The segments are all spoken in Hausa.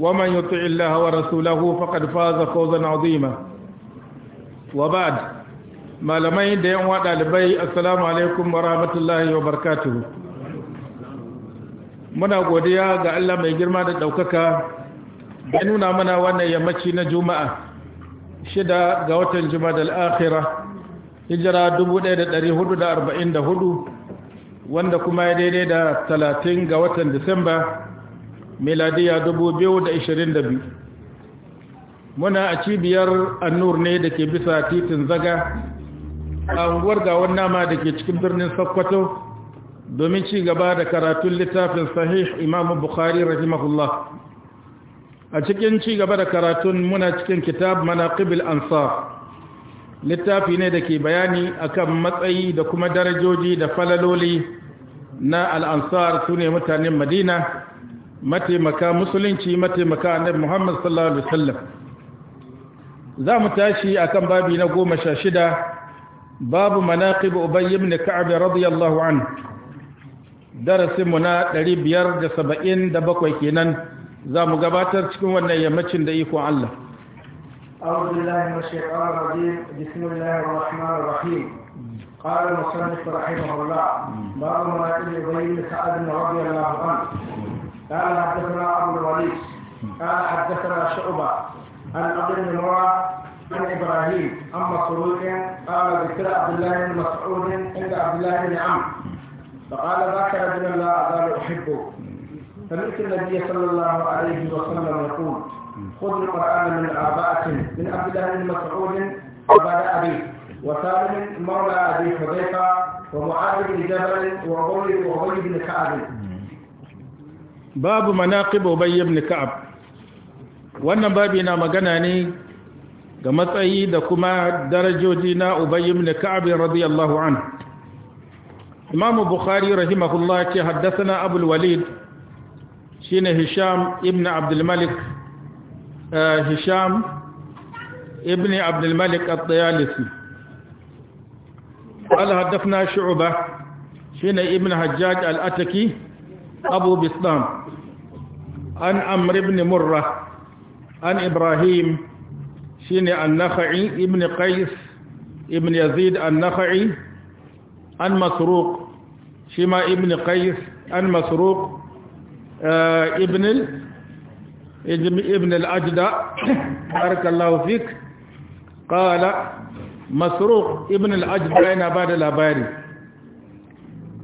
ومن يطع الله ورسوله فقد فاز فوزا عظيما وبعد ما لم يدين وادا لبي السلام عليكم ورحمة الله وبركاته muna godiya ga Allah mai girma da ɗaukaka ya nuna mana wannan yammaci na juma'a shida ga watan juma'a da al'akhira hijira 1444 wanda kuma ya daidai da 30 ga watan disamba miladiya 2022 muna a cibiyar annur ne da ke bisa titin zaga a unguwar gawon nama da ke cikin birnin sokoto domin ci gaba da karatun littafin sahih imamu bukhari rahimahullah a cikin ci gaba da karatun muna cikin kitab mana ƙibil ansar littafi ne da ke bayani akan matsayi da kuma darajoji da falaloli na al'ansar su ne mutanen madina mataimaka musulunci mataimaka annabi Muhammad sallallahu alaihi wasallam za mu tashi akan babi na goma sha shida babu manaqib ubay ibn ka'ab radiyallahu anhu darasin mu na 577 kenan za mu gabatar cikin wannan yammacin da iko Allah أعوذ بالله من الشيطان الرجيم بسم الله الرحمن الرحيم قال المصنف رحمه الله باب مناقب أبي بن سعد رضي الله عنه قال حدثنا أبو الوليد قال حدثنا شعبة عن أبي المروء عن إبراهيم عن مسروق قال ذكر عبد الله بن مسعود عند عبد الله بن عمرو فقال ذاك رجل لا قال أحبه سمعت النبي صلى الله عليه وسلم يقول خذ القرآن من آباء من عبد الله بن مسعود وبعد أبي وسالم مولى أبي حذيفة ومعاذ بن جبل وغول وغول بن كعب babu manaqib ubay ibn ka'ab wannan babi na magana ne ga matsayi da kuma darajoji na ubay ibn ka'ab radiyallahu anhu imam bukhari rahimahullah ce haddathana abul walid shine hisham ibn abdul malik hisham ibn abdul malik al tayalisi قال حدثنا شعبه شنو ابن حجاج الاتكي أبو بسلام عن عمرو بن مرة عن إبراهيم شين النخعي ابن قيس ابن يزيد النخعي عن مسروق شما ابن قيس عن مسروق آه ابن ال... ابن الأجدى بارك الله فيك قال مسروق ابن الأجدى أنا بعد الأباري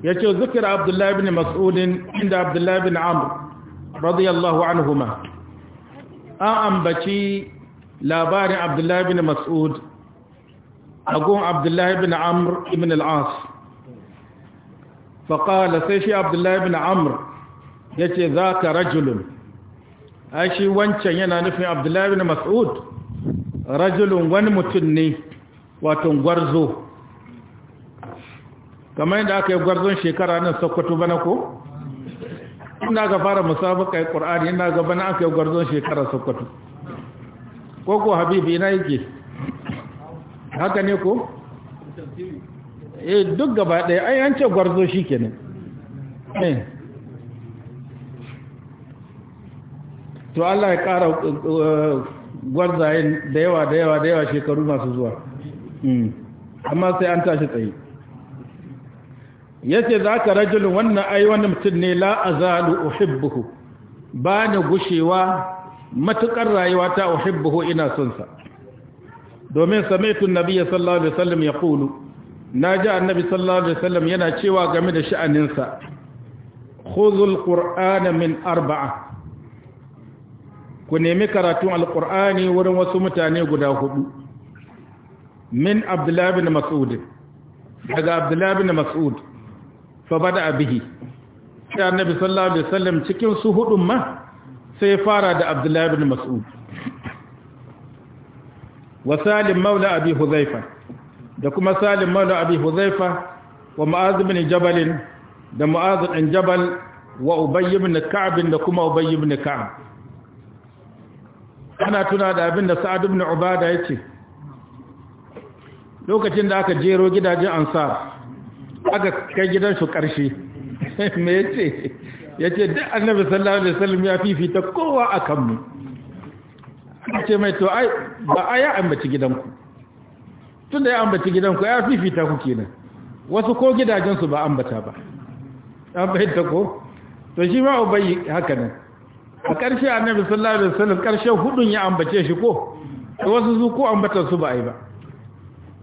ya ce zukira abdullahi bin mas'udin inda abdullahi bin amur radiyallahu anhuma an ambaci labarin abdullahi bin mas'ud agun abdullahi bin amur ibn al'as faƙala sai shi abdullahi bin amur ya ce za ka rajulun a shi wancan yana nufin abdullahi bin mas'ud rajulun wani mutum ne wato gwarzo kamar yadda aka yi gwarzon shekara nan sokoto bana ko ina ga fara musabaka qur'ani ina ga bana aka yi gwarzon shekara sokoto ko ko habibi ina yake haka ne ko eh duk gaba ɗaya ai an ce gwarzo ke eh to Allah ya ƙara eh, gwarzayen da yawa da yawa da yawa shekaru masu zuwa hmm. amma sai an tashi tsaye yace zaka rajulun wannan ai wani mutum ne la azalu uhibbuhu ba gushewa matukar rayuwa ta uhibbuhu ina son sa domin samaitu nabiyyi sallallahu alaihi wasallam yaqulu naji annabi sallallahu alaihi wasallam yana cewa game da sha'anin sa khudhul qur'ana min arba'a ku nemi karatun alqur'ani wurin wasu mutane guda hudu min abdullahi bin mas'ud daga abdullahi bin mas'ud fa bada bihi sai annabi sallallahu alaihi wasallam cikin su hudun ma sai fara da abdullahi ibn mas'ud wa salim maula abi huzaifa da kuma salim maula abi huzaifa wa mu'adh ibn jabal da mu'adh ibn jabal wa ubay ibn ka'b da kuma ubay ibn ka'b ana tuna da abin da sa'ad ibn ubada yace lokacin da aka jero gidajen ansar aka kai gidan ƙarshe karshe me yace yace duk annabi sallallahu alaihi wasallam ya fifita kowa akan mu ce mai to ai ba a ya ambaci gidanku tunda ya ambaci gidanku ya fifita ku kenan wasu ko gidajensu ba ambata ba bai ta ko to shi ma ubayi haka nan a ƙarshe annabi sallallahu alaihi wasallam ƙarshe hudun ya ambace shi ko wasu su ko ambatar su ba ai ba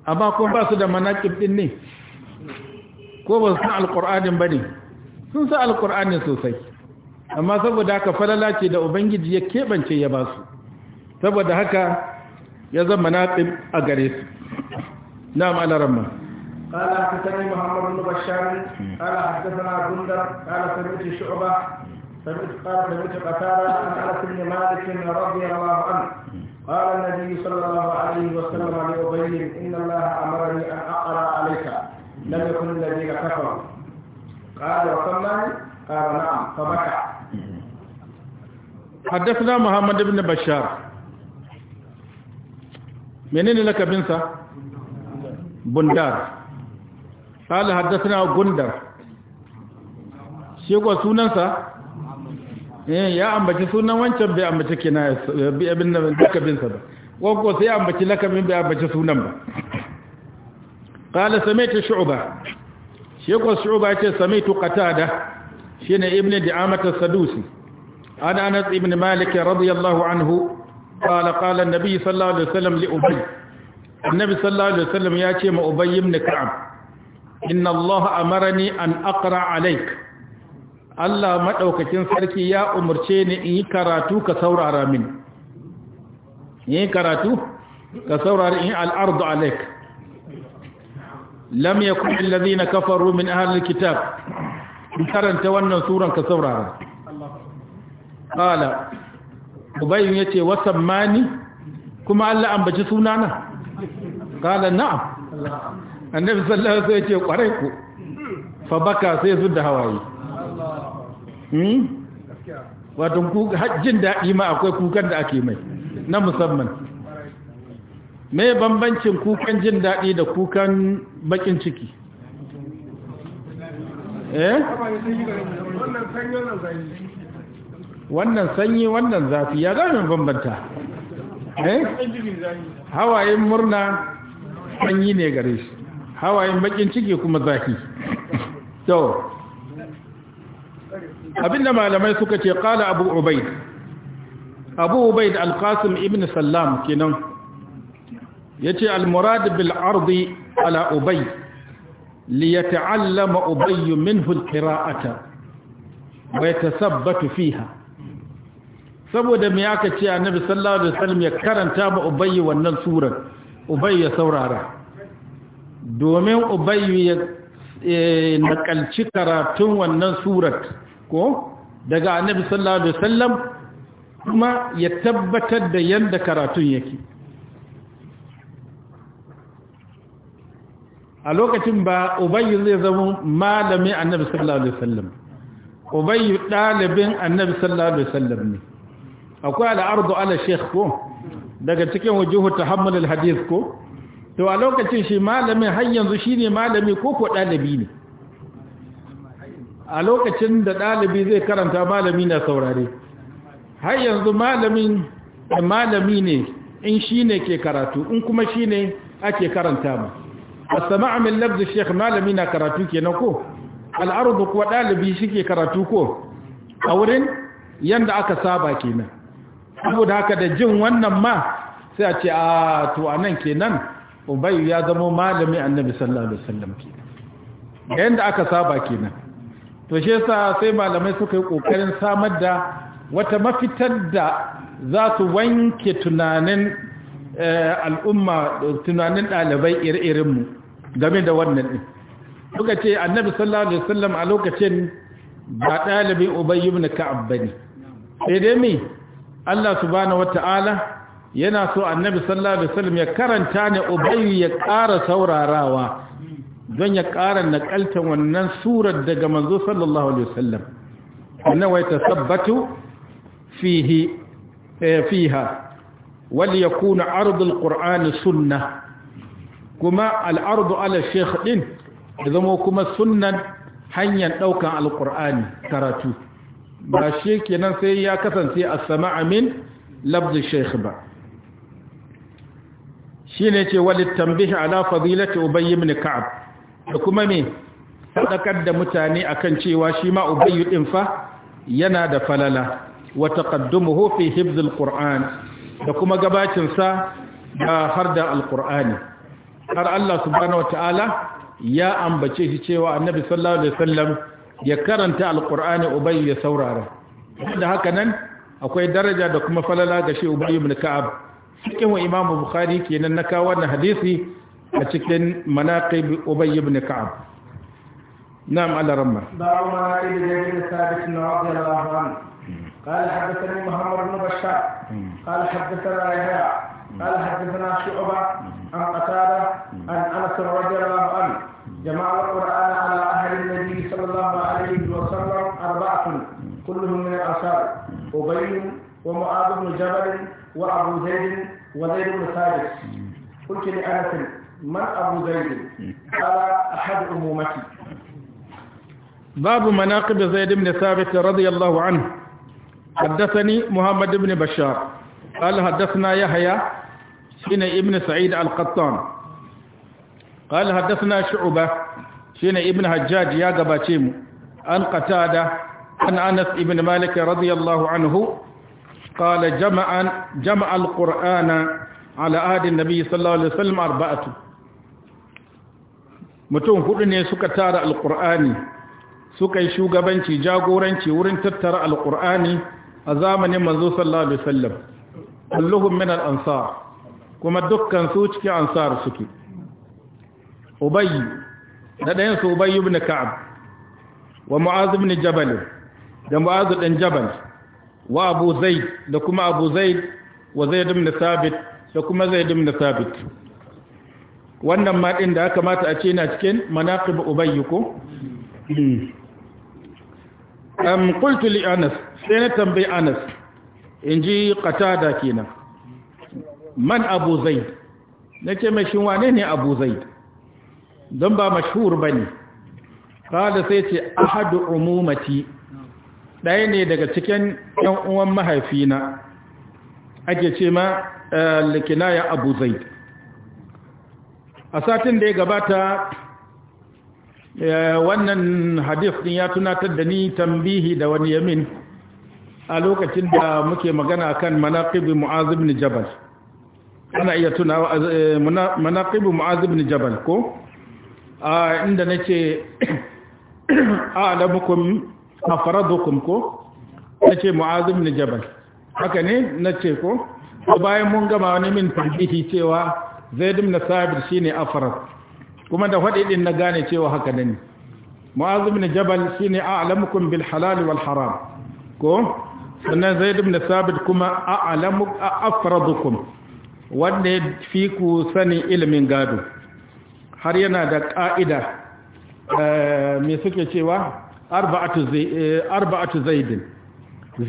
amma kuma ba su da manaqib din ne ko ba su san alƙur'anin ba ne sun sa alƙur'anin sosai amma saboda haka falala ce da ubangiji ya keɓance ya ba su saboda haka ya zama naɗin a gare su na'am alaramma قال حدثني محمد بن بشار قال حدثنا بندر قال سمعت شعبه سمعت قال سمعت قتاده عن انس بن مالك رضي الله عنه قال النبي صلى الله عليه وسلم لابي ان الله امرني ان اقرا عليك لم يكن الذين كفروا قال وصلى قال نعم فبكى حدثنا محمد بن بشار منين لك بنسا بندار قال حدثنا غندر شيخ kuwa sunansa ya ambaci sunan wancan bai ambaci kinaya abin da sa, ba ko sai ya ambaci lakabin bai ambaci sunan ba qala sami'tu shu'ba shi ko ce sami'tu qatada shine ibnu di'amata sadusi an anas ibn malik radiyallahu anhu qala qala nabi sallallahu alaihi wasallam li ubay annabi sallallahu alaihi wasallam ya ce ma ubay ibn ka'ab inna allaha amarani an aqra alayka Allah maɗaukakin sarki ya umarce ni in yi karatu ka saurari min in yi karatu ka in lam yakun alladhina kafaru min ahli alkitab karanta wannan suran ka saurara qala ce yace wasammani kuma Allah ambaci sunana qala na'am annabi sallallahu alaihi wasallam yace kware ku fa baka sai su da hawaye hmm wato ku hajjin da ma akwai kukan da ake mai na musamman me bambancin kukan jin daɗi da kukan bakin ciki eh wannan sanyi wannan zafi ya zama bambanta eh hawayen murna sanyi ne gare shi hawayen bakin ciki kuma zafi to abinda malamai suka ce qala abu ubaid abu ubaid al-qasim ibn sallam kenan yace al-murad bil ardi ala ubay li ta'allama ubay minhu al-qira'ata wa yatathabbatu fiha saboda me aka ce nabi sallallahu alaihi wasallam ya karanta ba ubay wannan surar ubay ya saurara domin ubay ya eh, nakalci karatun wannan surat ko daga nabi sallallahu alaihi wasallam kuma ya tabbatar da yanda karatun yake a lokacin ba ubayy zai zama malami annabi sallallahu alaihi wasallam ubayy dalibin annabi sallallahu alaihi wasallam ne akwai al'ardu ala sheikh ko daga cikin wujuhu tahammul alhadith ko to a lokacin shi malamin har yanzu shine malami ko ko dalibi ne a lokacin da dalibi zai karanta malami na saurare har yanzu malamin malami ne in shine ke karatu in kuma shine ake karanta mu as-sama' min lafz shaykh malami na karatu kenan ko al-ard kuwa dalibi shike karatu ko a wurin yanda aka saba kenan saboda haka da jin wannan ma sai a ce a to anan kenan ubayyu ya zama malami annabi sallallahu alaihi wasallam kenan yanda aka saba kenan to yasa sai malamai suka yi ƙoƙarin samar da wata mafitar da za su wanke tunanin al'umma tunanin ɗalibai ire mu. game da wannan din suka ce annabi sallallahu alaihi wasallam a lokacin ba dalibin ubay ibn ka'ab bane sai dai me Allah subhanahu wataala yana so annabi sallallahu alaihi wasallam ya karanta ne ubay ya ƙara saurarawa don ya ƙara nakaltan wannan surar daga manzo sallallahu alaihi wasallam wai yatasabbatu fihi eh, fiha wal yakuna ardul qur'ani sunnah kuma al'ardu ala sheikh din da zama kuma sunnan hanyar ɗaukan alƙur'ani karatu ba shi kenan sai ya kasance a sama amin labdi sheikh ba shi ne ce wali tambihi ala fadilati ubayy ibn ka'ab da kuma me sadakar da mutane akan cewa shi ma ubayy din fa yana da falala wa taqaddumuhu fi hifz da kuma gabacin sa da harda ƙurani har Allah subhanahu ta'ala ya ambace shi cewa annabi sallallahu alaihi wasallam ya karanta alqur'ani ubay ya saurara da haka nan akwai daraja da kuma falala ga shi ubay ibn ka'ab cikin wa imam bukhari kenan na kawo wannan hadisi a cikin manaqib ubay ibn ka'ab نعم على رمى باب مناقب زيد ثابت رضي الله عنه قال حدثني محمد بن بشار قال حدثنا يحيى قال حدثنا شعبه عن قتادة عن أنس رضي الله عنه جمع القرآن على أهل النبي صلى الله عليه وسلم أربعة كلهم من الأنصار أبي ومعاذ بن جبل وأبو زيد وزيد بن ثابت قلت لأنس من أبو زيد قال أحد أمومتي باب مناقب زيد بن ثابت رضي الله عنه حدثني محمد بن بشار قال حدثنا يحيى شين ابن سعيد القطان قال حدثنا شعبة شين ابن حجاج يا قباتيم عن قتادة عن أنس ابن مالك رضي الله عنه قال جمع, جمع القرآن على عهد النبي صلى الله عليه وسلم أربعة mutum huɗu ne suka tara alkur'ani suka yi shugabanci jagoranci wurin tattara alkur'ani a zamanin manzo sallallahu alaihi wasallam kuma dukkan su cikin ansar suke ubayy da ɗayan su ubayy ibn ka'ab wa mu'az ibn jabal da mu'az ɗan jabal wa abu zaid da kuma abu zaid wa zaid ibn sabit da kuma zaid ibn sabit wannan ma ɗin da aka mata a ce na cikin manaqib ubayy ko am qultu li anas sai na tambayi anas In ji qatada kenan man abu zai na ce mai wane ne abu zai don ba mashhur ba ne kada sai ce ahadu umumati ɗaya ne daga cikin ‘yan uwan mahaifina ake ce ma eh, likinaya abu zai a satin da ya gabata eh, wannan hadith din ya tunatar da ni tambihi da wani yamin a lokacin da muke magana kan manaqib Mu'azib ibn jabal ana iya tunawa eh, manaqibu mu'az ibn jabal ko Ah inda nake a'lamukum afradukum ko nace mu'az ibn jabal haka ne nace ko bayan mun gama wani min tambihi cewa zaid ibn sabir shine afrad kuma da fadi din na gane cewa haka ne mu'az ibn jabal shine a'lamukum bil halal wal haram ko sannan zaid ibn sabir kuma a'lamu afradukum wanda ya fi ku sanin ilimin gado har yana da ƙa'ida eh, mai suke cewa eh, arba'atu zaidin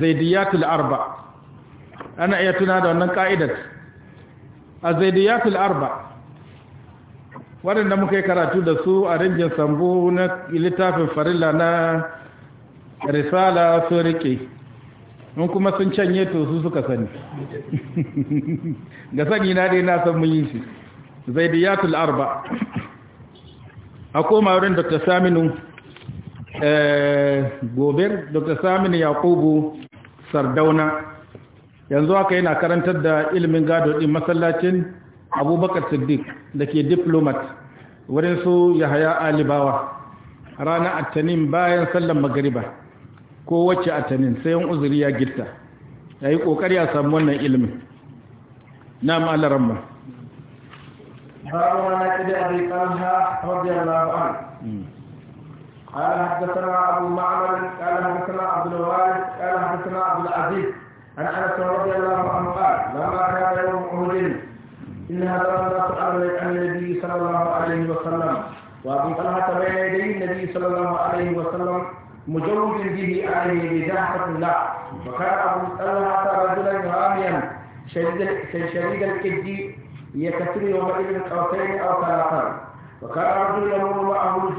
zaidiyatul arba ana iya tuna da wannan ƙa’idat a zaidiyatul arba waɗanda muka yi karatu da su a rinjin sambo na littafin farilla na risala sun riƙe mun kuma sun canye to su suka sani ga sani na dai na san mun yi shi zaidiyatul arba a koma wurin dr saminu eh, gobe dr saminu yakubu sardauna yanzu haka yana karantar da ilimin gado ɗin masallacin abubakar siddiq da ke diplomat wurin su yahaya alibawa ranar attanin bayan sallan magariba ko wacce a tanin sai yan uzuri ya gitta yayi kokari a samu wannan ilimin na ma'alaran ma babu wani ƙida a rikan ha rabiyar قال حدثنا أبو معمر قال حدثنا عبد الوارث قال حدثنا عبد العزيز عن أنس رضي الله عنه قال لما كان يوم أهل إن هذا الناس عن النبي صلى الله عليه وسلم وأبو طلحة بين يدي النبي صلى الله عليه وسلم مجوز به عليه بداحة له وكان أبو طلحة رجلا راميا شديد شديد الكبد يكسر يومئذ قوسين أو ثلاثا وكان رجل يمر معه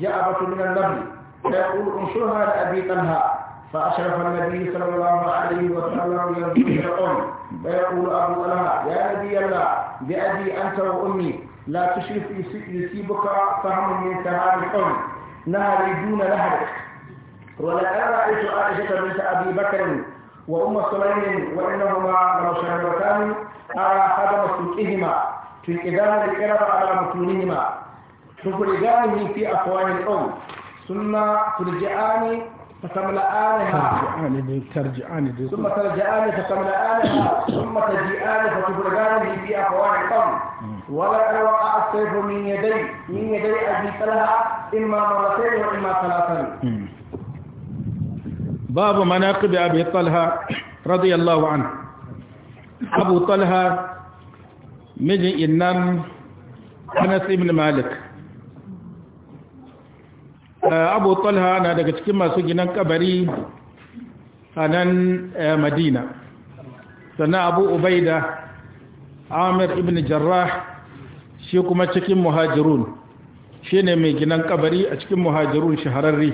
جعبة من النبل فيقول انشرها لأبي طلحة فأشرف النبي صلى الله عليه وسلم ينظر الأم فيقول أبو طلحة يا نبي الله بأبي أنت وأمي لا تشرف يصيبك فهم من كلام الأم نهر دون نهر ولقد رأيت عائشة بنت أبي بكر وأم سليم وإنهما لو شهدتان أرى خدم سوقهما في إدارة الكرب على متونهما تخرجانه في أفواه القوم ثم ترجعان فتملآنها ترجعان ثم ترجعان فتملآنها ثم تجيئان فتبرجان في أفواه القوم ولقد وقع السيف من يدي من يدي أبي طلحة إما مرتين وإما ثلاثا باب مناقب أبي طلحة رضي الله عنه أبو طلحة من إنام أنس بن مالك Eh, abu talha na daga cikin masu ginan kabari a nan eh, madina sannan abu ubaida amir ibn jarrah shi kuma cikin muhajirun shi ne mai ginan kabari a cikin muhajirun shahararri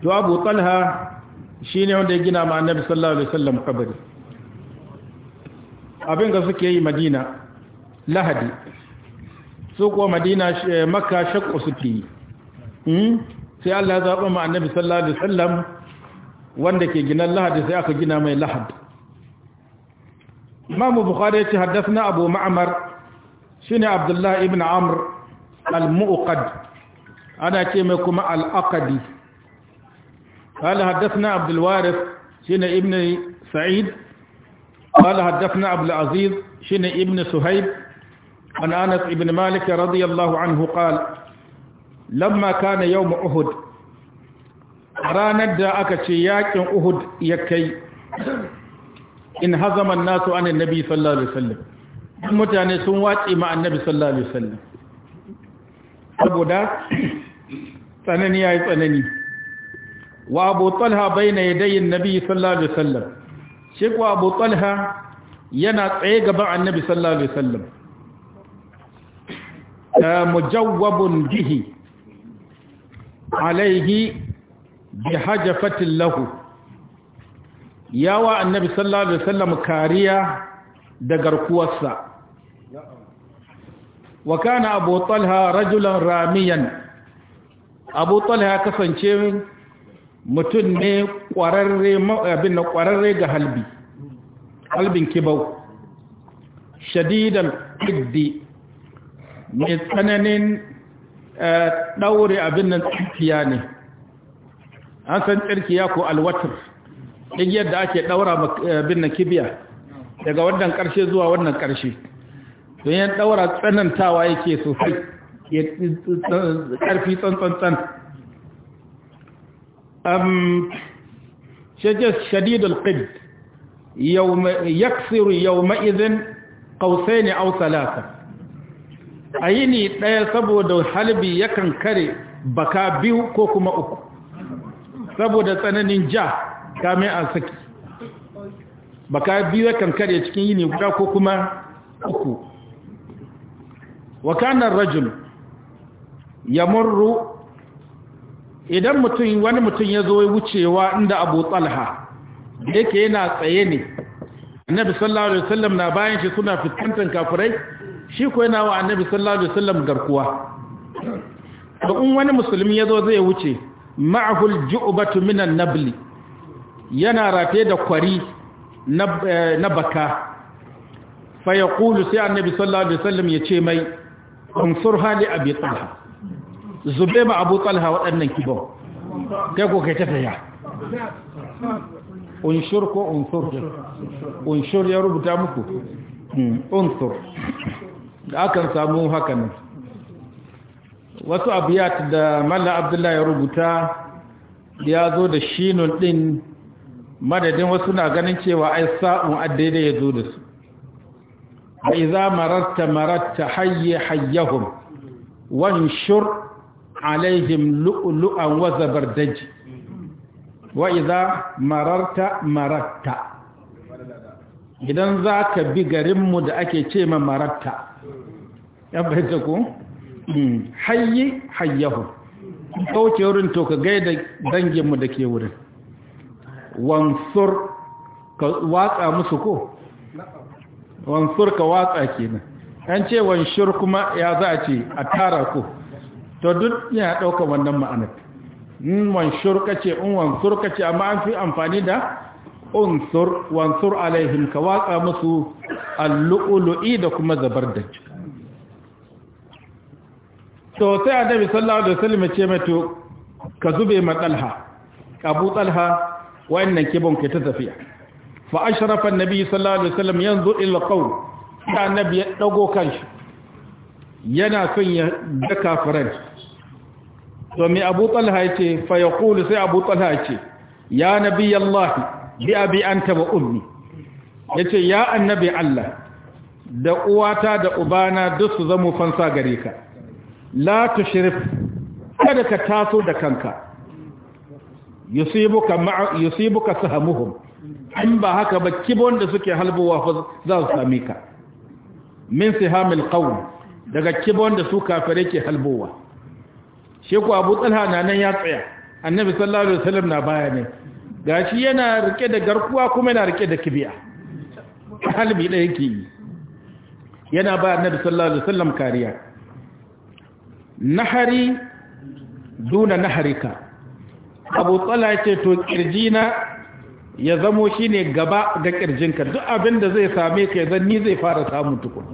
to abu talha shi ne wanda ya gina ma annabi sallallahu alaihi wasallam kabari abin ga suke yi madina lahadi su kuwa madina eh, makka shakku suke hmm? sai Allah ya zaɓa ma annabi sallallahu alaihi wasallam wanda ke ginan lahadi sai aka gina mai lahad imamu bukhari ya ce haddasa abu ma'amar shine abdullahi ibn amr al-mu'qad ana ce mai kuma al-aqadi قال حدثنا عبد الوارث شن ابن سعيد قال حدثنا عبد العزيز شن ابن سهيب عن أنس بن مالك رضي الله عنه قال لما كان يوم أهد ranar da aka ce yakin Uhud ya kai in hazama nasu an annabi sallallahu alaihi wasallam mutane sun wace ma annabi sallallahu alaihi wasallam saboda tsanani yayi tsanani wa Abu Talha baina yadayin annabi sallallahu alaihi wasallam shi ko Abu Talha yana tsaye gaban annabi sallallahu alaihi wasallam mujawwabun bihi alaihi bi hajafatin lahu yawa annabi sallallahu alaihi wasallam kariya da garkuwarsa wa kana abu talha rajulan ramiyan abu talha kasance mutum ne kwararre abin da kwararre ga halbi halbin kibau shadidan hiddi mai tsananin eh, ɗaure abin nan tsirkiya ne an san tsirkiya ko alwatar ɗin yadda ake ɗaura eh, abin nan kibiya daga wannan ƙarshe zuwa wannan ƙarshe don yin ɗaura tsanantawa yake sosai ƙarfi tsantsantsan shajjar shadidul qid yaksiru yawma idhin ne, aw thalatha a yini ɗaya saboda halbi yakan kare baka biyu ko kuma uku saboda tsananin ja kame a saki baka biyu yakan kare cikin yini guda ko kuma uku wakanan rajul ya murru idan mutum wani mutum ya zo wucewa inda abu tsalha yake yana tsaye ne annabi sallallahu alaihi wasallam na bayan shi suna fuskantar kafirai shi ko yana wa annabi sallallahu alaihi wasallam garkuwa to in wani musulmi yazo zai wuce ma'ahul ju'batu minan nabli yana rataye da kwari na eh, baka fa yaqulu sai annabi sallallahu alaihi wasallam yace mai ansurha li abi talha zube ma abu talha waɗannan kibo kai ko kai tafiya unshur ko unsur unshur ya rubuta muku hmm, unsur da akan samu hakan wasu abiyat da malla abdullahi ya rubuta ya zo da shinun din madadin wasu na ganin cewa ai sa'un addaida ya zo da su a iza maratta maratta hayye hayyahum shur alaihim lu'lu'an wa daji. wa iza mararta maratta idan za ka bi garinmu da ake ce ma maratta ya baita ku hmm, hayi hayyahu ɗauke wurin to ka gaida danginmu da ke wurin wansur ka watsa musu ko wansur ka watsa kenan an ce wanshur kuma ya za a ce a tara ku to duk ya ɗauka wannan ma'anar in wanshur ka ce in wansur ka ce amma an fi amfani da unsur wansur alaihim ka watsa musu al-lu'lu'i da kuma zabardaj to sai annabi sallallahu alaihi wasallam ce mai to ka zube ma dalha abu dalha wannan kibon ke ta tafiya fa ashrafa annabi sallallahu alaihi wasallam yanzu ila qawl da annabi ya dago kanshi yana son ya ga kafiran to mai abu talha ya ce fa ya kulu sai abu talha ya ce ya nabi Allah bi abi anta wa ummi yace ya annabi Allah da uwata da ubana duk su zama fansa gare ka la tushrif kada ka taso da kanka yusibuka ma'a yusibuka sahamuhum in ba haka ba kibon da suke halbowa za su same ka min Hamil qawm daga kibon da su kafare ke halbowa sheku abu talha na nan ya tsaya annabi sallallahu alaihi wasallam na baya ne gashi yana rike da garkuwa kuma yana rike da kibiya halbi ɗaya ke yi yana ba annabi sallallahu alaihi wasallam kariya nahari duna naharika abu tsala ce to na ya zamo shine gaba ga kirjinka duk abin da zai same ka yanzu ni zai fara samu tukun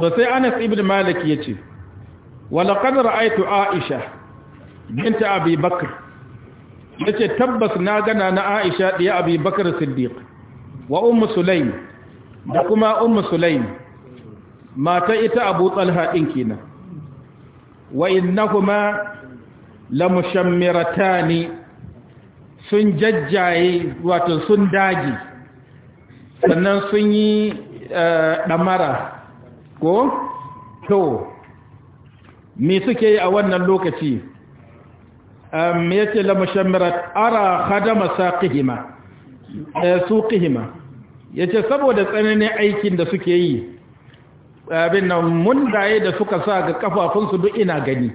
to sai Anas ibn Malik yace wa laqad ra'aytu Aisha binta abi bakar ya ce tabbas na gana na aisha ɗaya abi bakar siddiq wa umu sulaim da kuma umu sulaim mata ita abu tsalha ɗin kenan wa innahuma lamushammiratani sun jajjaye wato sun daji sannan sun yi eh, ɗamara ko to me suke yi a wannan lokaci me ce la mushammirat ara khadama saqihima eh, suqihima yace saboda tsananin aikin da suke yi abin nan daye da suka sa ga kafafunsu duk ina gani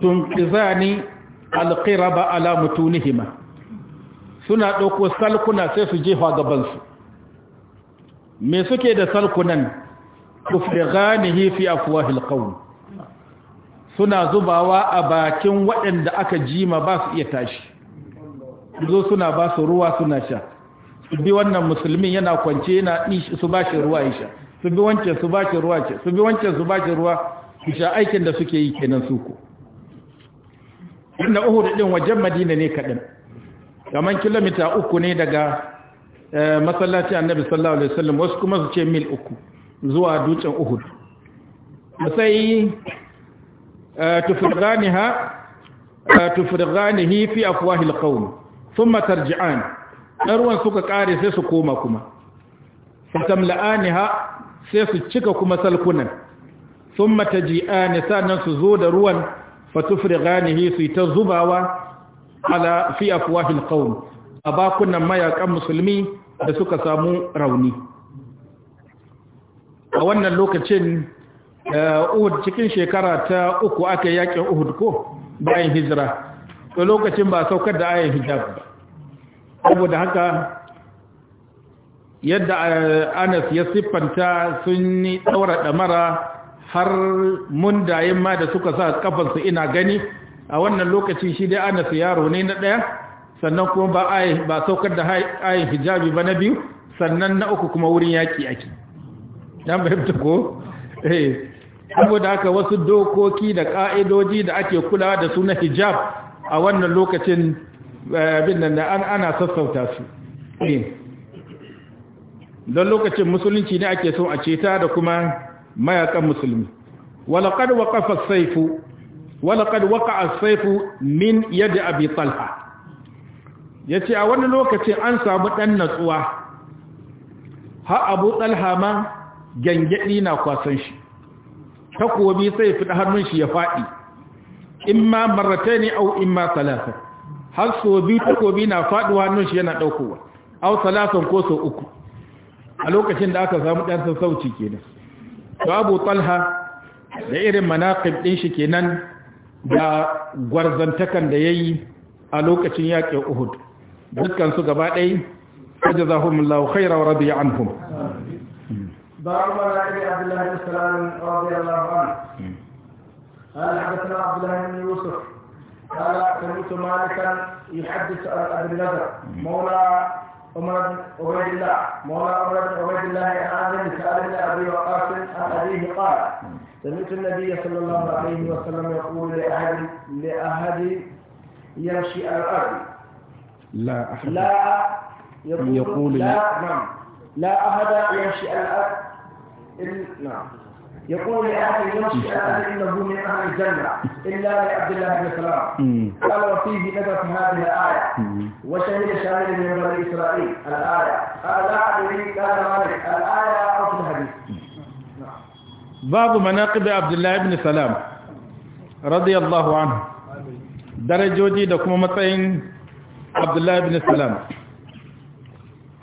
tun tunqizani alqiraba ala mutunihima suna ɗauko salkuna sai su jefa gabansu me suke da salkunan hifi fi kuwa qawm suna zubawa a bakin waɗanda aka jima ba su iya tashi zo suna ba su ruwa suna sha su bi wannan musulmin yana kwance yana su ba shi ruwa ya sha su bi wancan su ba shi ruwa ce su bi wancan su ba shi ruwa su sha aikin da suke yi kenan su ku Wannan uhud din wajen madina ne kaɗan kamar kilomita uku ne daga eh, masallaci annabi sallallahu alaihi wasallam wasu kuma su ce mil uku zuwa dutsen uhud sai تفرغانها تفرغانه في أفواه القوم ثم ترجعان أروان سوكا قاري سيسو كوما كما فتملآنها سيسو تشكا كما سلكنا ثم تجيئان سانا سزود روان فتفرغانه سيتزباوا على في أفواه القوم أبا كنا ما يكام مسلمي da suka samu rauni a wannan lokacin Eh, Uhud cikin shekara ta uku aka yakin Uhud ko bayan hijira to lokacin ba saukar da ayin hijab ba saboda haka yadda eh, Anas ya siffanta sun yi daura damara har mundayen ma da suka sa kafansu ina gani a wannan lokacin shi dai Anas yaro ne na daya sannan kuma ba ayin ba saukar da ayin hijabi ba na biyu sannan na uku kuma wurin yaki ake dan bayyana ko eh saboda haka wasu dokoki da ka'idoji da ake kula da su na hijab a wannan lokacin eh, bin nan da ana sassauta su eh. don lokacin musulunci ne ake so a ceta da kuma mayakan musulmi walaqad waqafa saifu, sayfu walaqad saifu as-sayfu min yadda abi talha ce a wani lokacin an samu ɗan natsuwa ha abu talha ma gangadi na kwasan shi takobi sai fita hannun shi ya faɗi imma ne au imma salasa har so biyu takobi na faɗuwa hannun shi yana ɗaukowa au salasan ko so uku a lokacin da aka samu ɗan sassauci kenan to abu talha da irin manaƙib ɗin shi kenan da gwarzantakan da ya yi a lokacin yaƙin uhud dukkan su gaba ɗaya ajazahumullahu khairan radiya anhum باب ملائكة عبد الله بن سلام رضي الله عنه قال حدثنا عبد الله بن يوسف قال سمعت مالكا يحدث عن ابي نذر مولى عمر بن عبيد الله مولى عمر بن عبيد الله عازم سال بن ابي وقاص عن ابيه قال سمعت النبي صلى الله عليه وسلم يقول لاحد لاحد يمشي على الارض لا احد لا يقول, يقول لا نعم لا احد يمشي على الارض نعم يقول اخي يمشي هذا إنه من أهل الجنة إلا لعبد الله بن سلام قال وفيه نزلت هذه الآية وشهد شاهد من بني إسرائيل الآية قال لا أدري قال مالك الآية أو الحديث نعم. بعض مناقب عبد الله بن سلام رضي الله عنه درجوجي دكما متين عبد الله بن سلام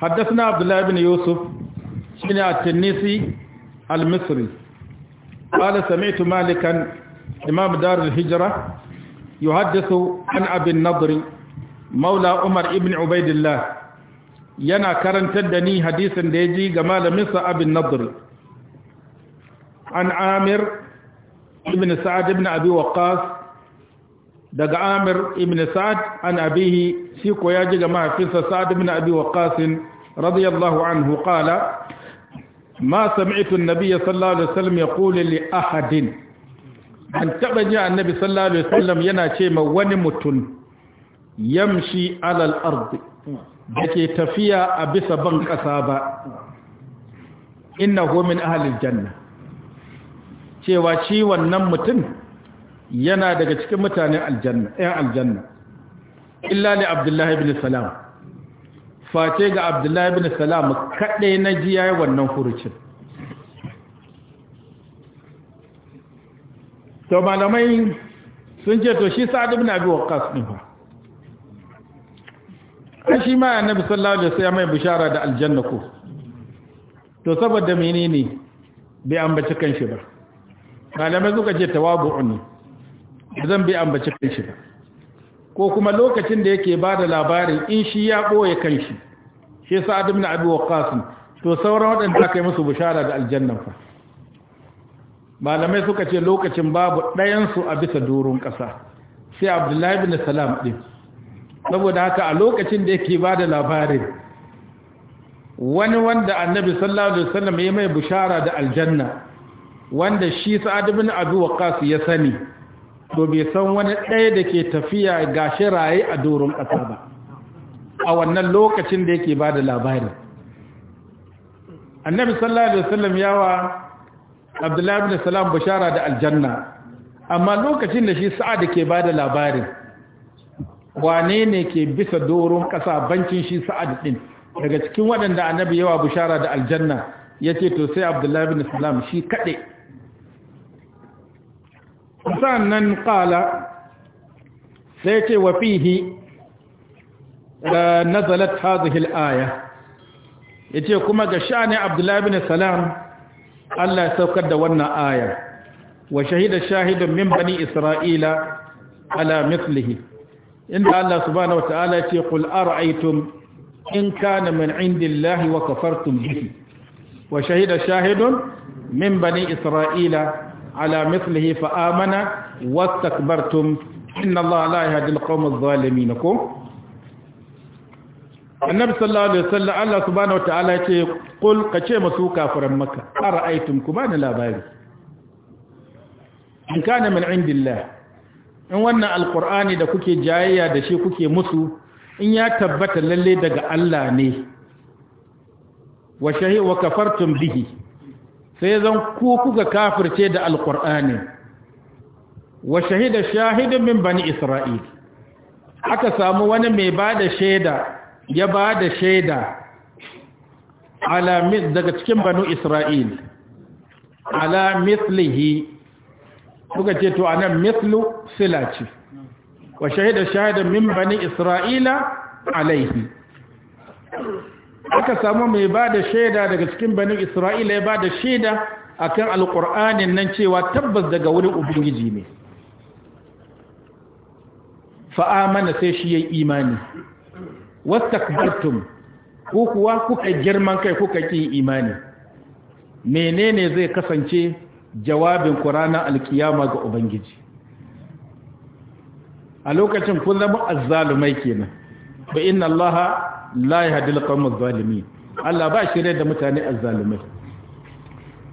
حدثنا عبد الله بن يوسف شنو التنيسي المصري قال سمعت مالكا إمام دار الهجرة يحدث عن أبي النضر مولى عمر ابن عبيد الله yana karantar da ni hadisin da ya ji ga malaminsa abin nadri an amir ibn sa'ad ibn abi waqas daga amir ibn sa'ad an abihi shi ko ya ji ga mahaifinsa sa'ad ibn abi radiyallahu anhu kala. ma sami'tu an-nabiy sallallahu alaihi wasallam yaqulu li ahadin an taba ji annabi sallallahu alaihi wasallam yana ce ma wani mutum yamshi alal ardi dake tafiya a bisa ban kasa ba innahu min ahlil janna cewa shi wannan mutum yana daga cikin mutanen aljanna ɗayan aljanna illa li abdullahi ibn salam face ga abdullahi bin salam kaɗai na ji ya yi wannan furucin to malamai sun ce to shi sa'adu bin abi waqqas ɗin ba. ai shi ma annabi sallallahu alaihi wasallam mai bishara da aljanna ko to saboda menene bai ambaci shi ba malamai suka ce tawabu'un zan bai ambaci shi ba ko kuma lokacin da yake ba da labarin in shi ya ɓoye kan shi shi sa'ad ibn abi waqqas to sauran waɗanda aka yi musu bishara da aljanna fa malamai suka ce lokacin babu ɗayansu a bisa durun ƙasa sai abdullahi bin salam ɗin saboda haka a lokacin da yake ba da labarin wani wanda annabi sallallahu alaihi wasallam ya mai bishara da aljanna wanda shi sa'ad bin abu waqqas ya sani to bai san wani ɗaya da ke tafiya gashi raye a doron ƙasa ba a wannan lokacin da yake ba da labari annabi sallallahu alaihi wasallam yawa abdullahi ibn salam bashara da aljanna amma lokacin da shi sa'ad ke ba da labarin wane ne ke bisa doron ƙasa bancin shi sa'ad din daga cikin waɗanda annabi yawa bushara da aljanna ya ce to sai abdullahi ibn salam shi kade sannan kala sai ce wa fihi nazalat hadhihi aya yace kuma ga shani abdullahi bin salam Allah ya saukar da wannan aya wa shahida shahidun min bani isra'ila ala mithlihi inda Allah subhanahu wataala yace qul ara'aytum in kana min indillahi wa kafartum bihi wa shahida shahidun min bani isra'ila على مثله فآمن واستكبرتم إن الله لا يهدي القوم الظالمين annabi sallallahu alaihi wasallam Allah subhanahu wataala yake kul kace masu kafiran makka ara'aytum kuma na labari in kana min indillah in wannan alqur'ani da kuke jayayya da shi kuke musu in ya tabbata lalle daga Allah ne wa shahi wa kafartum bihi sai zan ku kuka kafirce da Alƙur'ani wa shahida shahidun min bani isra'il aka samu wani mai ba da shaida ya ba da shaida daga cikin banu isra'il ala mislihi kuka ce to anan mislu silaci wa shahida shahidun min bani isra'ila alaihi aka samu mai ba da shaida daga cikin banin isra'ila ya ba da shaida a kan alƙur'anin nan cewa tabbas daga wurin ubangiji ne fa'amana sai shi ya yi imani wasta kubartum ko kuwa kuka girman kai kuka ƙi imani menene zai kasance jawabin ƙuranar alkiyama ga ubangiji a lokacin kun zama azzalumai kenan ba inna allaha la yahdil qawmaz zalimin Allah ba shirye da mutane azzalumai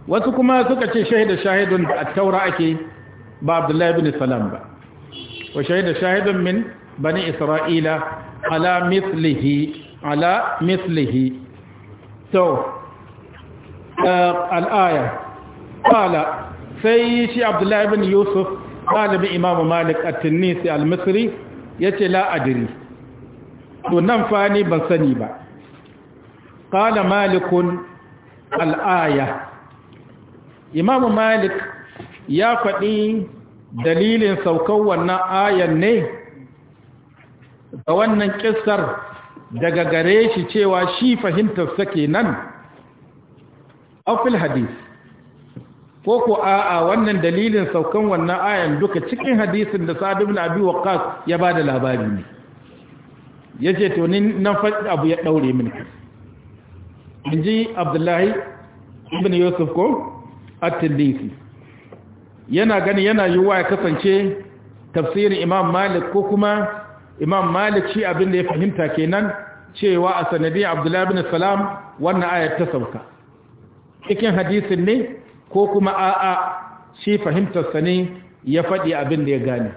wasu kuma suka ce shahida shahidun da at-taura ake ba Abdullahi Salam ba wa shahida shahidun min bani Isra'ila ala ala uh, sai shi Abdullahi Yusuf ɗalibin Imam Malik at-Tunisi al-Misri yace to nan fa ban sani ba qala malikun al-aya imamu malik ya faɗi dalilin saukan wannan ayan ne ga wannan kissar daga gare shi cewa shi fahimtarsa kenan afil hadis ko ko a'a wannan dalilin saukan wannan ayan duka cikin hadisin da sa'ad ibn abi waqqas ya bada labari ne ya ce to ni nan faɗi abu ya ɗaure mini in ji abdullahi ibn yusuf ko at yana gani yana yiwuwa ya kasance tafsirin imam malik ko kuma imam malik shi abin da ya fahimta kenan cewa a sanadi abdullahi ibn salam wannan ayat ta sauka cikin hadisin ne ko kuma a'a shi fahimtar ne ya faɗi abin da ya gane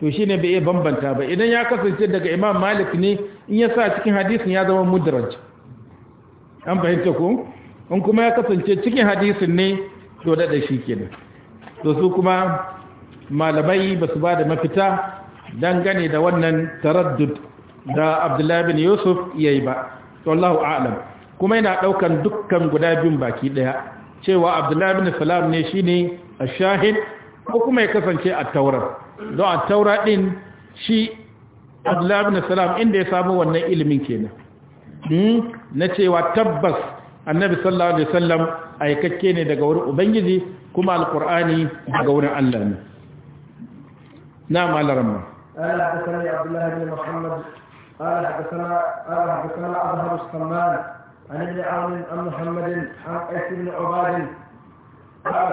to shi ne bai iya bambanta ba idan ya kasance daga imam malik ne in ya sa cikin hadisin ya zama mudraj an fahimta ko in kuma ya kasance cikin hadisin ne to da shi kenan to su kuma malamai ba su ba da mafita dangane da wannan taraddud da abdullahi bin yusuf ya yi ba to Allahu a'lam kuma yana ɗaukan dukkan guda biyun baki ɗaya cewa abdullahi bin salam ne shine ashahid ko kuma ya kasance a taurar don a taura din shi abdullahi ibn salam inda ya samu wannan ilimin kenan hmm? na cewa tabbas annabi sallallahu alaihi wasallam aikakke ne daga wurin ubangiji kuma alqur'ani daga wurin Allah ne na malaramma ala hadathani abdullah bin muhammad ala hadathana ala hadathana abdullah bin muhammad an ibn aun an muhammad an qais bin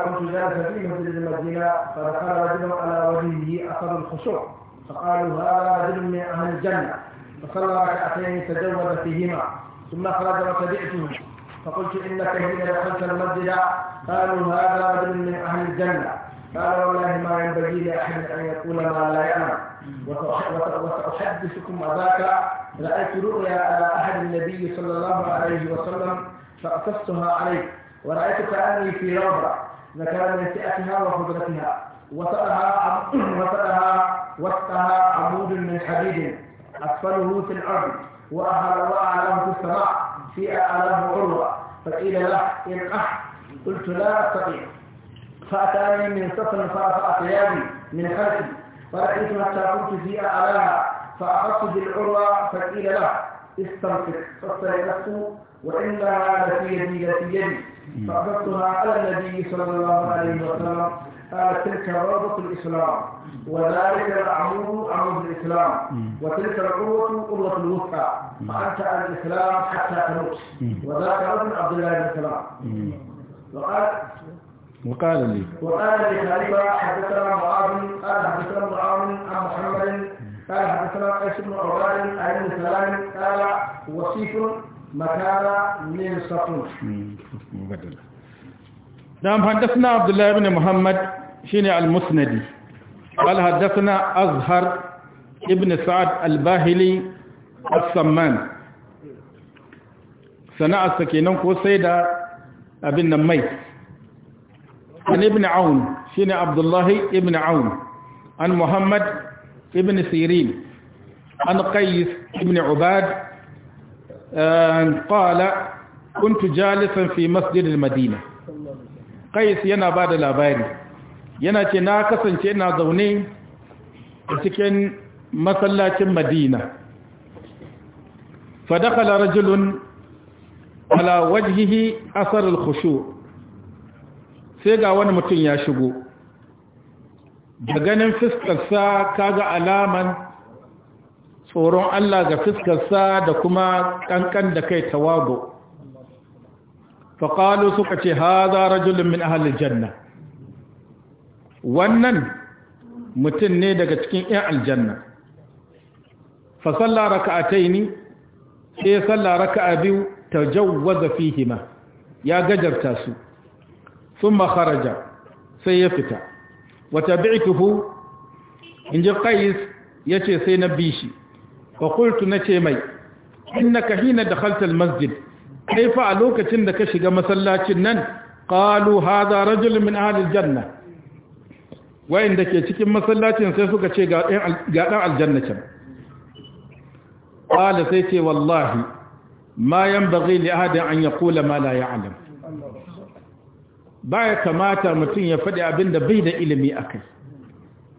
كنت جالسا في مسجد المدينة فدخل رجل على وجهه أثر الخشوع فقالوا هذا رجل من أهل الجنة فصلى ركعتين تجوز فيهما ثم خرج وتبعته فقلت انك حين دخلت المسجد قالوا هذا رجل من اهل الجنه قال والله ما ينبغي لاحد ان يقول ما لا يعلم وساحدثكم اباك رايت رؤيا على احد النبي صلى الله عليه وسلم فاقصتها عليه ورايت كاني في روضه من نشأتها وقدرتها وصلها وصلها وسطها عمود من حديد أسفله في الأرض الله له في السماء في أعلاه عروة فقيل له اح قلت لا أستطيع فأتاني من سفن فرفع ثيابي من خلفي ورأيت حتى كنت في أعلاها فأخذت بالعروة فقيل له استنفق فاستنفقت وإنها لفي يدي لفي يدي فأخذتها على النبي صلى الله عليه وسلم قال تلك رابط الإسلام وذلك العمود عمود الإسلام وتلك القوة قوة الوفقى فأنت على الإسلام حتى تموت وذاك رجل عبد الله بن سلام وقال وقال لي وقال لي خليفة حدثنا معاذ قال حدثنا معاذ عن محمد قال حدثنا قيس بن عباد عن سلام قال وصيف نعم حدثنا عبد الله بن محمد شيني المسندي قال حدثنا أزهر ابن سعد الباهلي السمان سنع سكينون كو سيدة ابن نميت عن ابن عون شيني عبد الله ابن عون عن محمد ابن سيرين عن قيس ابن عباد قال كنت جالسا في مسجد المدينة قيس labari, yana ce na kasance كسن zaune زوني cikin masallacin madina fadakala rajulun ala wajhihi asarul khushu sai ga wani mutum ya shigo da ganin ka ga alaman tsoron Allah ga fiskarsa da kuma kankan da kai tawago faƙalu suka ce haza rajulun min ahalin janna wannan mutum ne daga cikin 'yan aljanna fasalla a taini, sai salla raka'a biyu ta jawwaza fihima ya gajarta su sun makaraja sai ya fita wata bi'tuhu in ji qais ya ce sai na bishi fa qultu ce mai innaka hina dakhalta masjid, kai fa a lokacin da ka shiga masallacin nan qalu hadha rajul min ahli aljanna wayanda ke cikin masallacin sai suka ce ga dan aljanna can qala sai ce wallahi ma yanbaghi li ahadin an yaqula ma la ya'lam baya kamata mutum ya faɗi abinda da bai da ilimi akai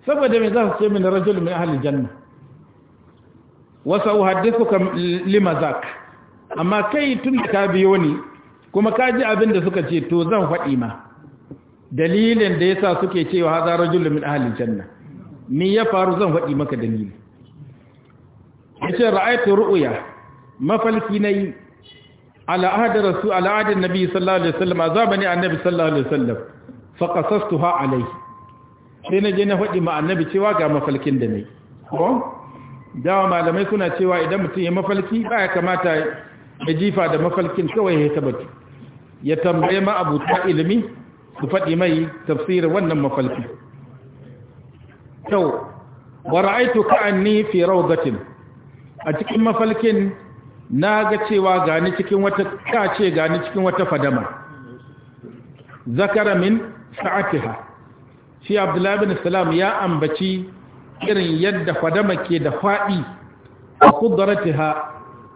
saboda me za su ce min rajul min ahli aljanna wasa lima limazak amma kai tun da ka biyo ni kuma ka ji abin da suka ce to zan faɗi ma dalilin da yasa suke cewa hadha rajulun min ahli janna ni ya faru zan faɗi maka dalili ce ra'aytu ru'ya mafalki nayi ala ahdi rasul ala ahdi nabi sallallahu alaihi wasallam azabani annabi sallallahu alaihi wasallam fa qasastuha alayhi sai na je na faɗi ma annabi cewa ga mafalkin da nayi ko dawa malamai suna cewa idan mutum ya mafalki ba ya kamata ya jifa da mafalkin kawai ya tabbata ya tambaye ma abuta ilimi su faɗi mai tafsirin wannan mafalki kyau ka ka'anni fi rawdatin a cikin mafalkin na ga cewa gani cikin wata kace gani cikin wata fadama zakara min sa'atiha shi abdullahi bin salam ya ambaci irin yadda fadama ke da faɗi a kudaratiha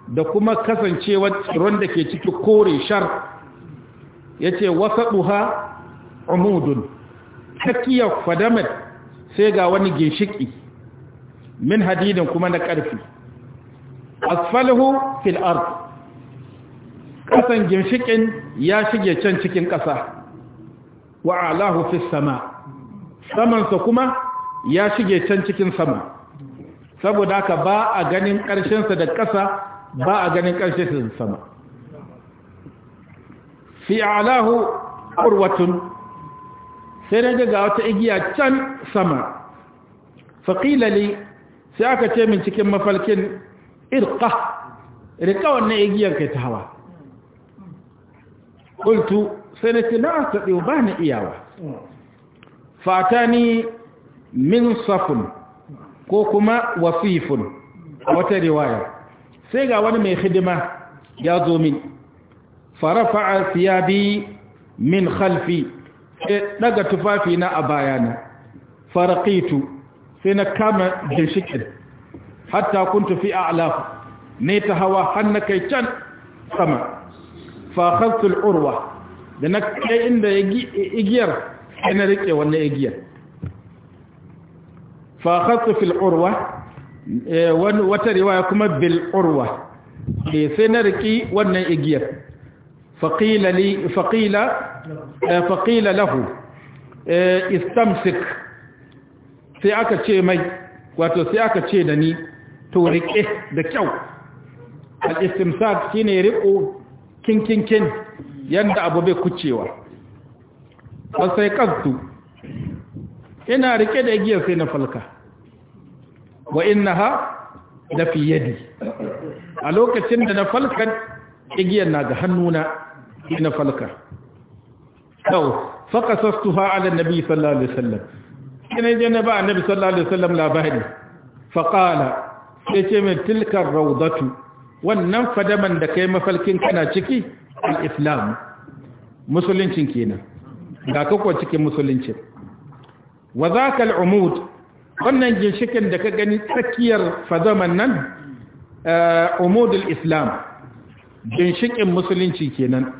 da kuma kasancewar tsiron da ke ciki kore shar ya ce wasaɗuha umudun tsakiyar fadamar sai ga wani ginshiki min hadidin kuma na ƙarfi asfalihu fil ard ƙasan ginshikin ya shige can cikin ƙasa wa alahu fis sama samansa kuma ya shige can cikin sama saboda haka ba a ganin ƙarshensa da ƙasa ba a ganin ƙarshensa da sama fi alahu urwatun sai na ga wata igiya can sama faƙilali sai aka ce min cikin mafalkin irka rika wannan igiyar kai ta hawa ƙultu sai na ce na a ba na iyawa fata ni min safun ko kuma wasifun wata riwaya sai ga wani mai hidima ya zo min farafa'a siyabi min khalfi sai daga tufafi na a bayana farakitu sai na kama ginshikin hatta tafi a alafu ne ta hawa hannu kai can sama fa urwa da na kai inda igiyar sai na rike wannan igiyar fa khattu fil eh, wata riwaya kuma bil eh, sai na riki wannan igiyar faqila eh, lahu istamsik sai aka ce mai wato sai aka ce da ni to rike da kyau al-istimsak shine riko kinkinkin yanda abu bai kucewa sai kaztu ina rike da igiyar sai na falka wa ha da fi a lokacin da na falkan igiyar na ga hannuna sai na falka sau faƙasastuha ala nabi sallallahu alaihi wasallam ina je na ba nabi sallallahu alaihi wasallam labari faqala sai ce min tilkar raudatu wannan fadaman da kai mafalkin kana ciki al-islam musuluncin kenan ga kakwa cikin musuluncin wa Umud, al'umud wannan ginshikin da ka gani tsakiyar fadaman nan eh, umudul islam ginshikin musulunci kenan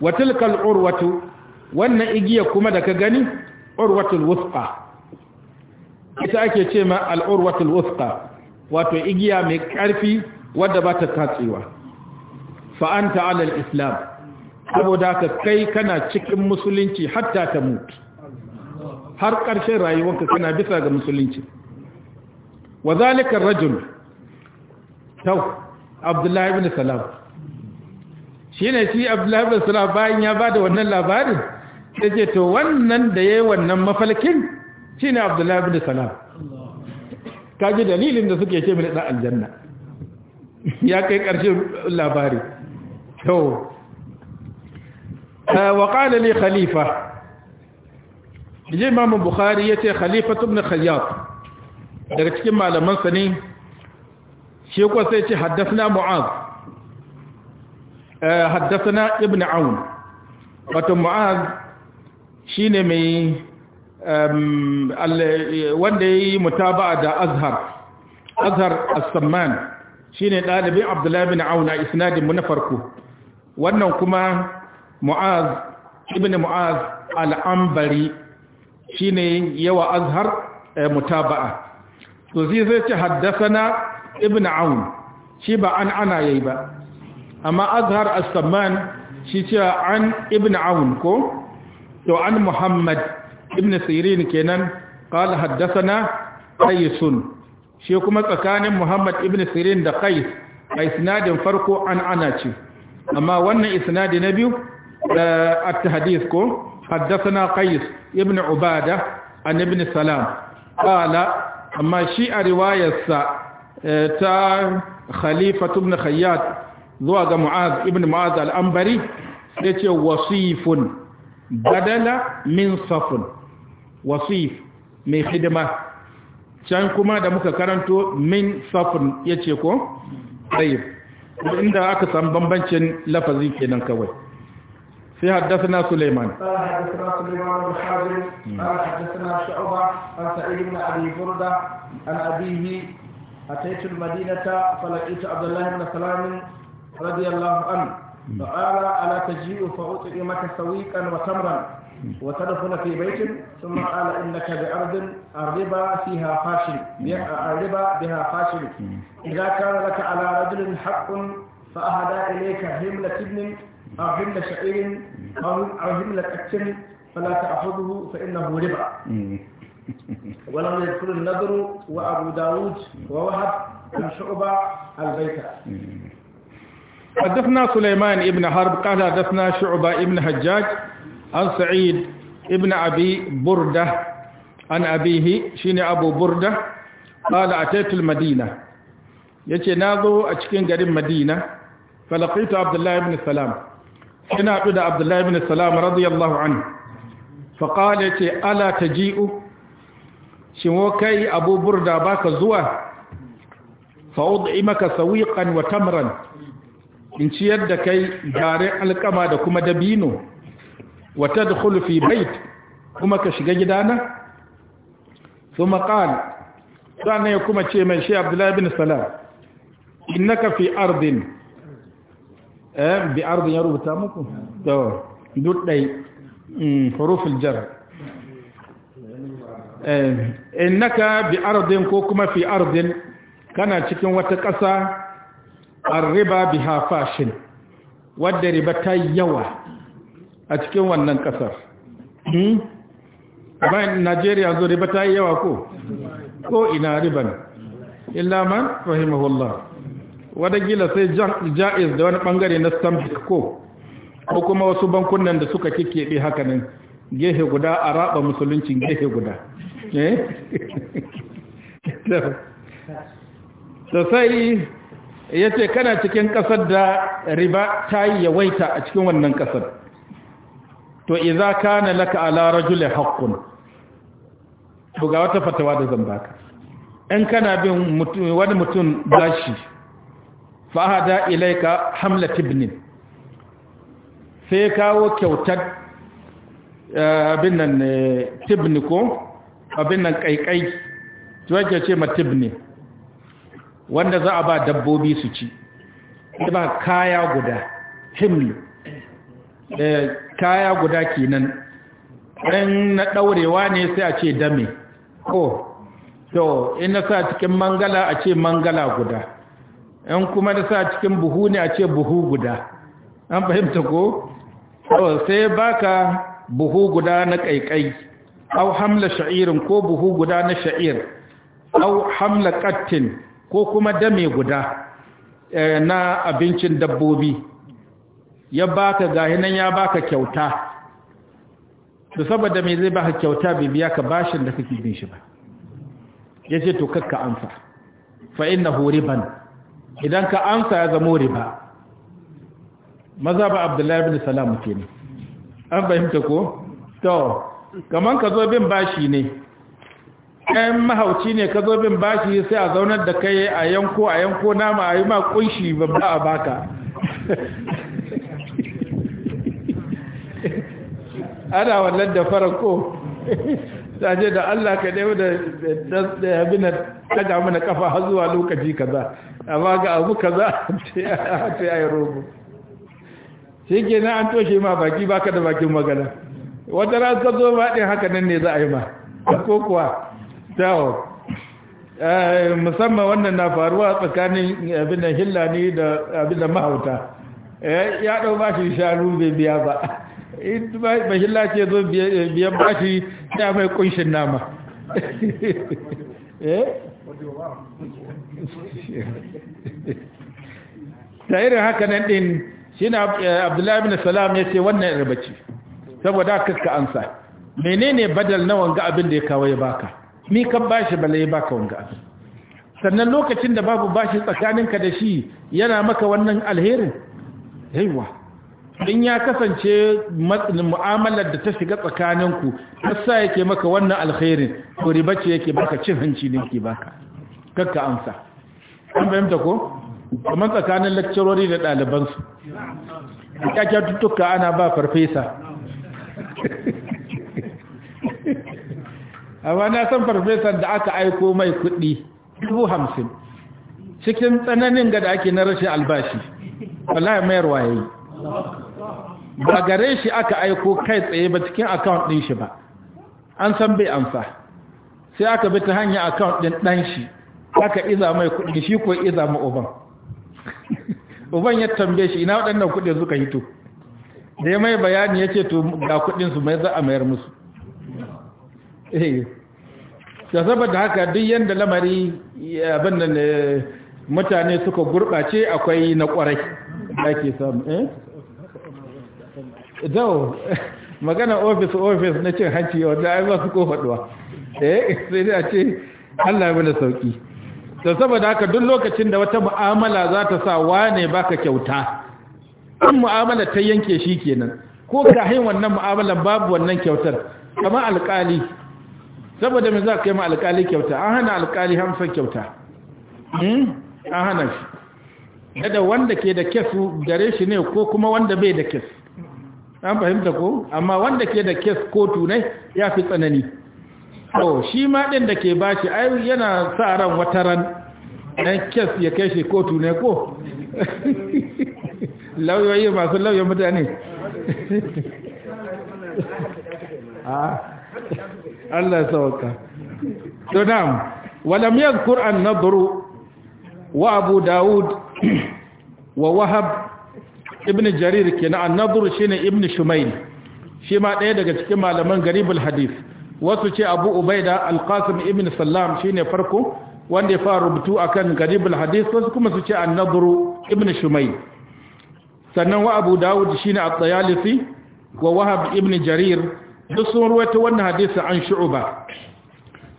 wa tilkal urwatu wannan igiya kuma da ka gani urwatul wusqa ita ake ce ma al'urwatul wusqa wato igiya mai ƙarfi wadda ba ta katsewa fa'anta alal islam saboda ka kai kana cikin musulunci hatta ta mutu har ƙarshen rayuwarka suna bisa ga musulunci wa zalika rajul tau abdullahi ibn salam Shi ne shi abdullahi ibn salam bayan ya bada wannan labarin sai ce to wannan da ya yi wannan mafalkin shi ne abdullahi ibn salam Ka kaji dalilin da suke ce mini dan aljanna ya kai ƙarshen labari Tau wa qala li khalifa ji imamu bukhari ya ce khalifat ibn khayyat daga cikin malaman sa ne shi ko sai ce haddathna mu'az eh, haddathna ibn aun wato mu'az shine mai wanda yayi mutaba'a da azhar azhar as-samman shine dalibin abdullahi ibn aun a isnadin mu na farko wannan kuma mu'az ibn mu'az al-ambari shine yawa azhar eh, mutaba'a to sai zai ce haddasana ibn aun shi ba an ana yayi ba amma azhar as-samman shi ce an ibn aun ko to an muhammad ibn sirin kenan qala haddasana qaysun shi kuma tsakanin muhammad ibn sirin da qais a isnadin farko an ana ce amma wannan isnadi na biyu eh, at-tahdith ko حدثنا قيس ابن عبادة عن ابن سلام قال أما شيء رواية تا خليفة ابن خيات زواج معاذ ابن معاذ الأنبري يتي وصيف بدل من صف وصيف من خدمة كان كما دمك كرنتو من صف safin ya ce ko? ɗaya inda aka samu bambancin lafazi في حدثنا سليمان قال حدثنا سليمان بن حازم قال حدثنا شعبة عن سعيد بن أبي بردة عن أبيه أتيت المدينة فلقيت عبد الله بن سلام رضي الله عنه فقال ألا تجيء فأطعمك سويقا وتمرا وتدخل في بيت ثم قال إنك بأرض الربا فيها خاشر الربا بها خاشر إذا كان لك على رجل حق فأهدى إليك هملة ابن أو شعير أو حمل أكشن فلا تأخذه فإنه ربا ولم يدخل النذر وأبو داود ووهب بن شعبة البيت حدثنا سليمان ابن حرب قال حدثنا شعبة ابن حجاج عن سعيد ابن أبي بردة عن أبيه شين أبو بردة قال أتيت المدينة يتي ناظو أشكين قريب مدينة فلقيت عبد الله بن السلام ina haɗu da abdullahi bin salam radiyallahu anhu faƙala ya ce ala ta ji'u shi kai abu burda ba ka zuwa fa'ud imaka sawiƙan wa tamran in ciyar da kai garin alkama da kuma dabino wa ta fi bait kuma ka shiga gidana su maƙal sannan ya kuma ce mai shi abdullahi bin salam innaka fi ardin eh bi ardin ya rubuta muku to duk dai mm, huruful jar eh innaka bi ardin ko kuma fi ardin kana cikin wata ƙasa arriba biha fashin wadda riba ta yawa a cikin wannan ƙasar hmm? amma najeriya zo riba ta yawa ko ko ina riban illa man rahimahullah gila sai ja'iz da wani bangare na stanbic ko ko kuma wasu bankunan da suka haka nan gehe guda a raba musuluncin gehe guda eh? Sosa'i sai ya ce kana cikin ƙasar da riba ta yi yawaita a cikin wannan ƙasar to iza kana laka ala rajulin haƙƙun to ga wata fatawa da zamba in kana bin wani mutum bashi fahada ilaika hamla tibnin sai kawo kyautar eh, abin nan tibni eh, ko abin nan kaikai tuwake ce ma tibni wanda za a ba dabbobi su ci ba kaya guda himli eh, kaya guda kenan ɗan na ɗaurewa ne sai a ce dame ko oh, to ina sa cikin mangala a ce mangala guda yan kuma da sa cikin buhu ne a ce buhu guda an fahimta ko sai baka buhu guda na kaikai au hamla sha'irin ko buhu guda na sha'ir au hamla ƙattin ko kuma dame guda eh, na abincin dabbobi ya baka nan ya baka kyauta to saboda me zai baka kyauta bai biya ka bashin da kake bin shi ba yace to kakka amsa fa innahu riban idan ka amsa ya zamo riba maza ba abdullahi bin salam ke ne an fahimta ko to kaman ka zo bin bashi ne kayan mahauci ne ka zo bin bashi sai a zaunar da kai a yanko a yanko nama a yi ma kunshi babba a baka ana wannan da farko ta ce da Allah ka dai da da abin da ga mana kafa har zuwa lokaci kaza amma ga abu kaza ce ai rogo shi ke na an toshe ma baki baka da bakin magana wata ran ka zo ma ɗin haka nan ne za a yi ma ko kuwa tawo eh, musamman wannan na faruwa tsakanin abin da hillani da abin da mahauta eh, ya ɗau ba shi shanu bai biya ba bashin lafiya zo biyan bashi ta mai kunshin nama ta eh? irin haka nan ɗin shi na eh, abdullahi bin salam ya ce wannan ribaci saboda kaska ansa menene badal na wanga abin da ya kawo ya baka ni kan bashi bala ya baka wanga abin sannan lokacin da babu bashi tsakaninka da shi yana maka wannan alherin yaiwa in ya kasance mu'amalar da ta shiga tsakaninku sa yake maka wannan alkhairin ko riba ce yake baka cin hanci ne ke baka kakka amsa an fahimta ko kamar tsakanin lakcarori da ɗalibansu kyakkyar tuttuka ana ba farfesa amma na san farfesan da aka aiko mai kuɗi dubu hamsin cikin tsananin ga da ake na rashin albashi wallahi mayarwa ya yi ba gare shi aka aiko kai tsaye ba cikin account ɗin shi ba an san bai amsa sai aka bi ta hanyar account din dan shi aka iza mai kuɗi shi ko iza ma uban uban ya tambaye shi ina waɗannan kuɗi suka hito da ya mai bayani ya ce to ga kudin su mai za a mayar musu eh da saboda haka duk yanda lamari abin nan eh, mutane suka gurbace akwai na kwarai. da samu eh zau magana ofis ofis na cin hanci wanda ai ba su ko faduwa eh sai dai a ce Allah ya bada sauki to saboda haka duk lokacin da wata mu'amala za ta sa wane baka kyauta in mu'amala ta yanke shi kenan ko ka hain wannan mu'amalan babu wannan kyautar kamar alƙali saboda me za ka yi ma alƙali kyauta an hana alƙali hamsin kyauta hmm? an hana shi da wanda ke da kesu gare shi ne ko kuma wanda bai da kesu an fahimta ko amma wanda ke da kes kotu ne ya fi tsanani to shi ma ɗin da ke bashi ai yana sa ran wata ran ɗan kes ya kai shi kotu ne ko lauyoyi masu lauyoyin mutane ah, Allah sauka to nam walam yadhkur an-nadru wa abu daud wa wahab ibn jarir kenan annabur shine ibn shumayl shi ma ɗaya daga cikin malaman garibul hadith wasu ce abu ubaida alqasim ibn sallam shine farko wanda ya fara rubutu akan garibul hadith wasu kuma su ce annabur ibn shumayl sannan wa abu dawud shine at-tayalisi wa wahab ibn jarir duk sun ruwaito wannan hadisi an shu'ba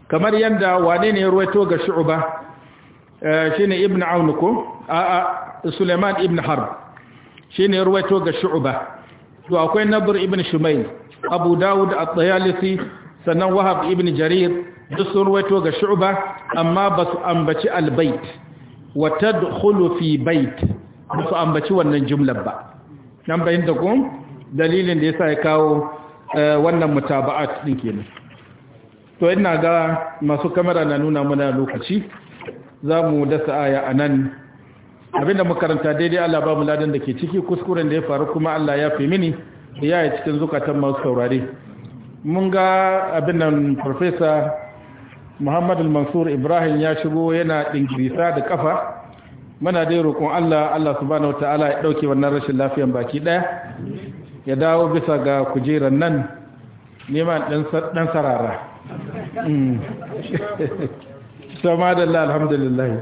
kamar yanda wane ne ya ruwaito ga shu'ba eh, shine ibn aun a'a suleiman ibn harb ne ruwaito ga Shu'uba to akwai nabur ibn shumayl abu dawud at-tayalisi sannan wahab ibn jarir duk sun ruwaito ga Shu'uba amma ba su ambaci al-bait wa tadkhulu fi bait ba su ambaci wannan jumlar ba nan bayin da kun dalilin da yasa ya kawo eh, wannan mutaba'at din kenan to ina ga masu kamera na nuna mana lokaci za mu dasa aya anan abinda makaranta daidai Allah ba mu ladan da ke ciki kuskuren da ya faru kuma Allah ya fi mini ya yi cikin zukatan masu saurare mun ga abin nan farfesa Muhammadu Mansur Ibrahim ya shigo yana dingirisa da kafa muna dai roƙon Allah Allah subhanahu wataala ya dauke wannan rashin lafiyan baki ɗaya ya dawo bisa ga kujerar nan neman dan sarara mm. sama da alhamdulillah